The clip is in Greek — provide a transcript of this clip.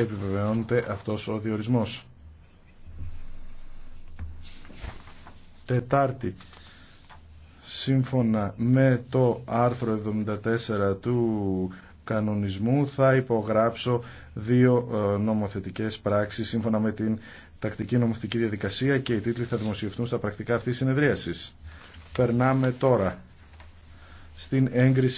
επιβεβαιώνεται αυτός ο διορισμός. Τετάρτη, σύμφωνα με το άρθρο 74 του κανονισμού θα υπογράψω δύο ε, νομοθετικές πράξεις σύμφωνα με την τακτική νομοθετική διαδικασία και οι τίτλοι θα δημοσιευτούν στα πρακτικά αυτής της συνεδρίασης. Περνάμε τώρα στην έγκριση